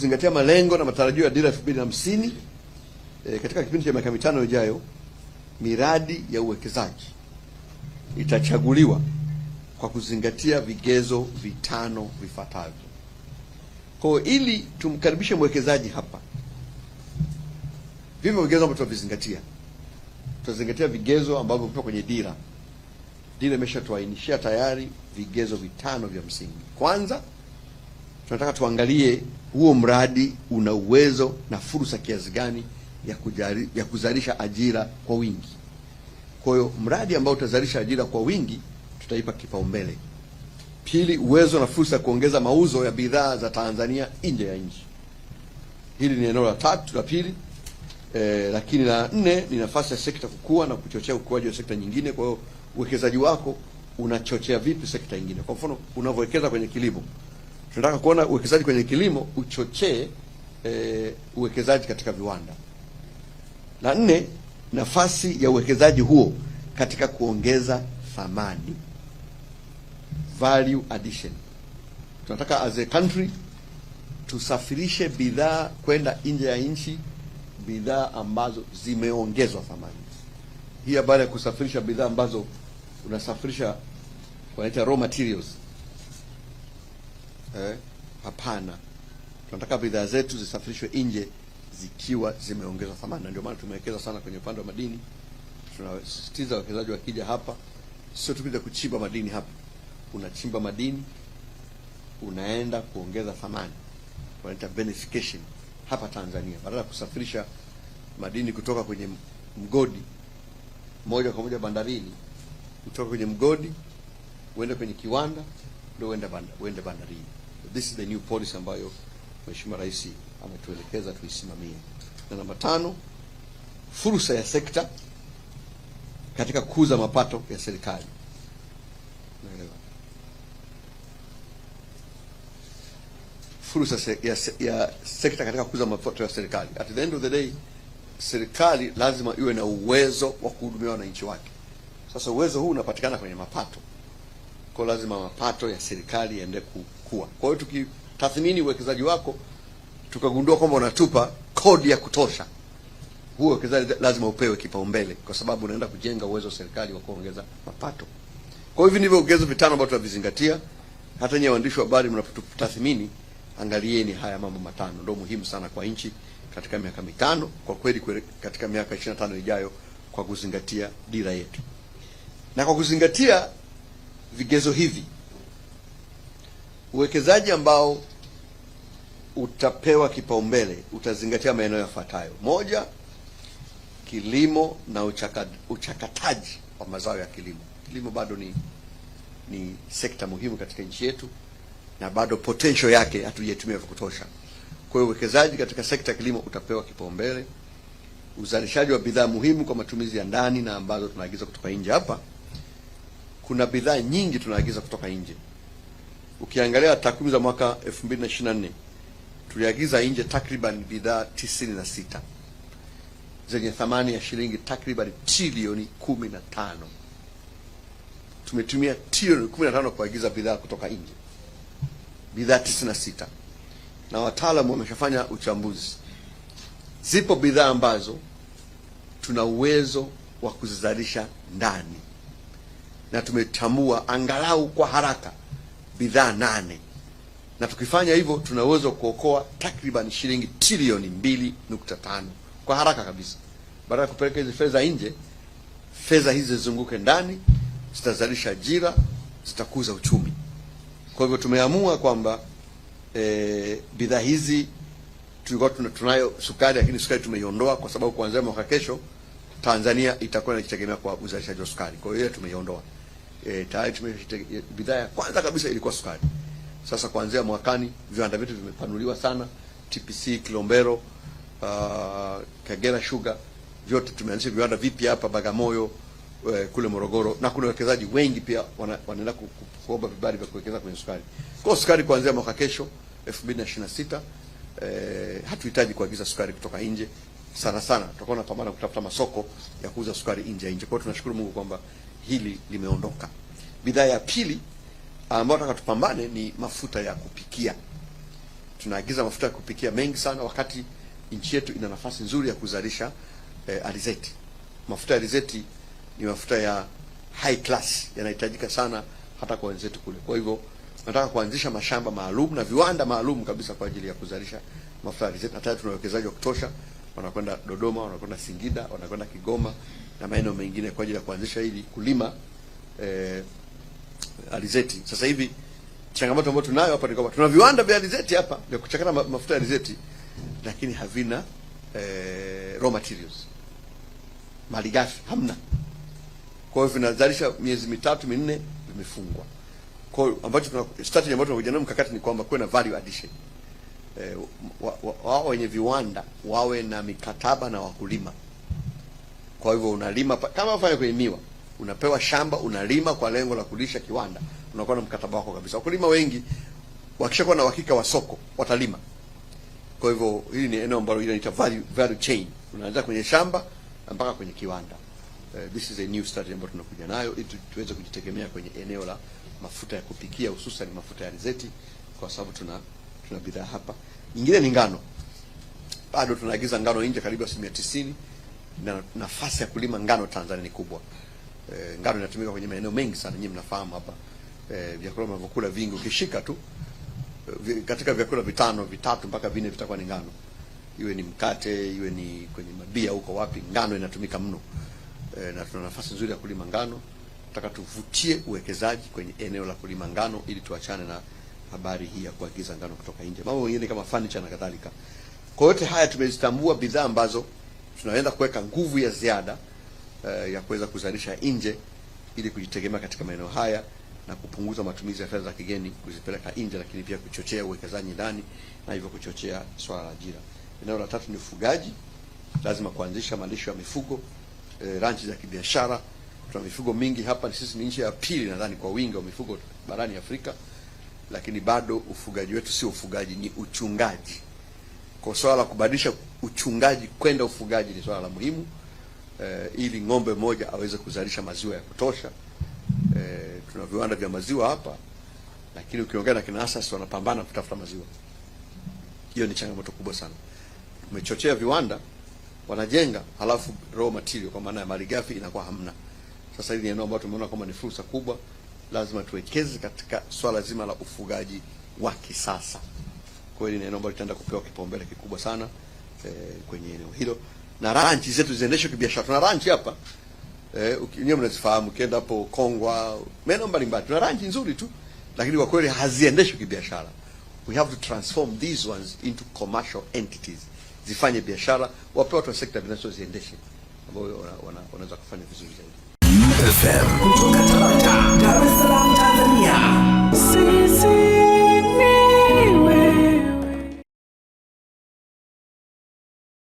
kuzingatia malengo na matarajio ya dira elfu e, katika kipindi cha miaka mitano ijayo miradi ya uwekezaji itachaguliwa kwa kuzingatia vigezo vitano vifuatavyo. Kwa hiyo ili tumkaribishe mwekezaji hapa, vivyo vigezo ambavyo tutavizingatia, tutazingatia vigezo ambavyo vipo kwenye dira. Dira imeshatuainishia tayari vigezo vitano vya msingi. Kwanza tunataka tuangalie huo mradi una uwezo na fursa kiasi gani ya, kujari, ya kuzalisha ajira kwa wingi. Kwa hiyo mradi ambao utazalisha ajira kwa wingi tutaipa kipaumbele. Pili, uwezo na fursa ya kuongeza mauzo ya bidhaa za Tanzania nje ya nchi. Hili ni eneo la tatu la pili. E, lakini la nne ni nafasi ya sekta kukua na kuchochea ukuaji wa sekta nyingine. Kwa hiyo uwekezaji wako unachochea vipi sekta nyingine? Kwa mfano unavyowekeza kwenye kilimo tunataka kuona uwekezaji kwenye kilimo uchochee eh, uwekezaji katika viwanda. La nne, nafasi ya uwekezaji huo katika kuongeza thamani, value addition. Tunataka as a country tusafirishe bidhaa kwenda nje ya nchi, bidhaa ambazo zimeongezwa thamani. Hii habari ya kusafirisha bidhaa ambazo unasafirisha kwa raw materials eh, hapana. Tunataka bidhaa zetu zisafirishwe nje zikiwa zimeongezwa thamani, na ndio maana tumewekeza sana kwenye upande wa madini. Tunasisitiza wawekezaji wakija hapa, sio tukuja kuchimba madini hapa, unachimba madini unaenda kuongeza thamani, wanaita benefication hapa Tanzania, badala ya kusafirisha madini kutoka kwenye mgodi moja kwa moja bandarini, kutoka kwenye mgodi uende kwenye kiwanda ndio uende bandarini. This is the new policy ambayo Mheshimiwa Rais ametuelekeza tuisimamie. Na namba tano, fursa ya sekta katika kukuza mapato ya serikali. Naelewa fursa se, ya, ya sekta katika kukuza mapato ya serikali. At the end of the day, serikali lazima iwe na uwezo wa kuhudumia wananchi wake. Sasa uwezo huu unapatikana kwenye mapato. Kwa lazima mapato ya serikali yaende kukua. Kwa hiyo tukitathmini uwekezaji wako tukagundua kwamba unatupa kodi ya kutosha, huo uwekezaji lazima upewe kipaumbele, kwa sababu unaenda kujenga uwezo wa serikali wa kuongeza mapato. Kwa hivyo ndivyo vigezo vitano ambavyo tunavizingatia. Hata nyewe waandishi wa habari mnapotathmini, angalieni haya mambo matano, ndio muhimu sana kwa nchi katika miaka mitano, kwa kweli katika miaka 25 ijayo, kwa kuzingatia dira yetu na kwa kuzingatia vigezo hivi, uwekezaji ambao utapewa kipaumbele utazingatia maeneo yafuatayo: moja, kilimo na uchakataji wa mazao ya kilimo. Kilimo bado ni, ni sekta muhimu katika nchi yetu na bado potential yake hatujaitumia vya kutosha. Kwa hiyo uwekezaji katika sekta ya kilimo utapewa kipaumbele. Uzalishaji wa bidhaa muhimu kwa matumizi ya ndani na ambazo tunaagiza kutoka nje hapa kuna bidhaa nyingi tunaagiza kutoka nje. Ukiangalia takwimu za mwaka 2024 tuliagiza nje takriban bidhaa 96 zenye thamani ya shilingi takriban trilioni tano. Tumetumia trilioni tano kuagiza bidhaa kutoka nje, bidhaa 96, na wataalamu wameshafanya uchambuzi. Zipo bidhaa ambazo tuna uwezo wa kuzizalisha ndani na tumetambua angalau kwa haraka bidhaa nane, na tukifanya hivyo tuna uwezo wa kuokoa takriban shilingi trilioni mbili nukta tano kwa haraka kabisa. Baada ya kupeleka hizi fedha nje, fedha hizi zizunguke ndani, zitazalisha ajira, zitakuza uchumi. Kwa hivyo tumeamua kwamba e, bidhaa hizi tulikuwa tunayo sukari, lakini sukari tumeiondoa kwa sababu kuanzia mwaka kesho Tanzania itakuwa inajitegemea kwa uzalishaji wa sukari. Kwa hiyo tumeiondoa e, tayari bidhaa ya kwanza kabisa ilikuwa sukari. Sasa kuanzia mwakani viwanda vyetu vimepanuliwa sana, TPC Kilombero, uh, Kagera Sugar, vyote tumeanzisha viwanda vipya hapa Bagamoyo, eh, kule Morogoro, na kuna wawekezaji wengi pia wanaenda kuomba vibali vya kuwekeza kwenye sukari. Kwa sukari kuanzia mwaka kesho 2026 eh, hatuhitaji kuagiza sukari kutoka nje sana sana, tutakuwa tunapambana kutafuta masoko ya kuuza sukari nje nje. Kwa hiyo tunashukuru Mungu kwamba hili limeondoka. Bidhaa ya pili ah, ambayo nataka tupambane ni mafuta ya kupikia. Tunaagiza mafuta ya kupikia mengi sana, wakati nchi yetu ina nafasi nzuri ya kuzalisha eh, alizeti. Mafuta ya alizeti ni mafuta ya high class, yanahitajika sana hata kwa wenzetu kule. Kwa hivyo nataka kuanzisha mashamba maalum na viwanda maalum kabisa kwa ajili ya kuzalisha mafuta ya alizeti, na tayari tuna uwekezaji wa kutosha wanakwenda Dodoma, wanakwenda Singida, wanakwenda Kigoma na maeneo mengine kwa ajili ya kuanzisha ili kulima eh, alizeti. Sasa hivi changamoto ambayo tunayo hapa ni kwamba tuna viwanda vya alizeti hapa vya kuchakata mafuta ya alizeti, lakini havina eh, raw materials, malighafi hamna. Kwa hiyo vinazalisha miezi mitatu minne, vimefungwa. Kwa hiyo ambacho tuna strategy ambayo tunakuja nayo mkakati ni kwamba kuwe na value addition eh, wao wenye viwanda wawe na mikataba na wakulima. Kwa hivyo unalima kama ufanye kwenye miwa, unapewa shamba unalima kwa lengo la kulisha kiwanda, unakuwa na mkataba wako kabisa. Wakulima wengi wakishakuwa na uhakika wa soko watalima. Kwa hivyo hili ni eneo ambalo inaitwa value, value chain, unaanza kwenye shamba mpaka kwenye kiwanda. Uh, this is a new strategy ambayo tunakuja nayo ili tuweze kujitegemea kwenye eneo la mafuta ya kupikia hususan mafuta ya alizeti kwa sababu tuna tuna bidhaa hapa. Nyingine ni ngano, bado tunaagiza ngano nje karibu asilimia tisini, na nafasi ya kulima ngano Tanzania ni kubwa. E, ngano inatumika kwenye maeneo mengi sana, nyinyi mnafahamu hapa e, vyakula mnavyokula vingi ukishika tu eh, katika vyakula vitano vitatu mpaka vinne vitakuwa ni ngano, iwe ni mkate, iwe ni kwenye mabia huko wapi, ngano inatumika mno e, na tuna nafasi nzuri ya kulima ngano. Nataka tuvutie uwekezaji kwenye eneo la kulima ngano ili tuachane na habari hii ya kuagiza ngano kutoka nje, mambo mengine kama furniture na kadhalika. Kwa yote haya tumezitambua bidhaa ambazo tunaenda kuweka nguvu ya ziada uh, ya kuweza kuzalisha nje ili kujitegemea katika maeneo haya na kupunguza matumizi ya fedha za kigeni kuzipeleka nje, lakini pia kuchochea uwekezaji ndani na hivyo kuchochea swala la ajira. Eneo la tatu ni ufugaji, lazima kuanzisha malisho ya mifugo e, ranchi za kibiashara. Tuna mifugo mingi hapa, sisi ni nchi ya pili nadhani kwa wingi wa mifugo barani Afrika lakini bado ufugaji wetu sio ufugaji, ni uchungaji. Kwa swala la kubadilisha uchungaji kwenda ufugaji ni swala la muhimu e, ili ng'ombe moja aweze kuzalisha maziwa ya kutosha. E, tuna viwanda vya maziwa hapa, lakini ukiongea na kina asasi wanapambana kutafuta maziwa. Hiyo ni changamoto kubwa sana. Umechochea viwanda wanajenga, halafu raw material kwa maana ya malighafi inakuwa hamna. Sasa hili ni eneo ambalo tumeona kwamba ni fursa kubwa lazima tuwekeze katika swala zima la ufugaji wa kisasa. Kweli ni eneo ambalo litaenda kupewa kipaumbele kikubwa sana e, kwenye eneo hilo, na ranchi zetu ziendeshwe kibiashara. Tuna ranchi hapa e, eh, nyewe mnazifahamu, ukienda hapo Kongwa, maeneo mbalimbali tuna ranchi nzuri tu, lakini kwa kweli haziendeshwi kibiashara. We have to transform these ones into commercial entities, zifanye biashara, wapewe watu wa sekta binafsi waziendeshe, ambao wanaweza wana, wana kufanya vizuri zaidi.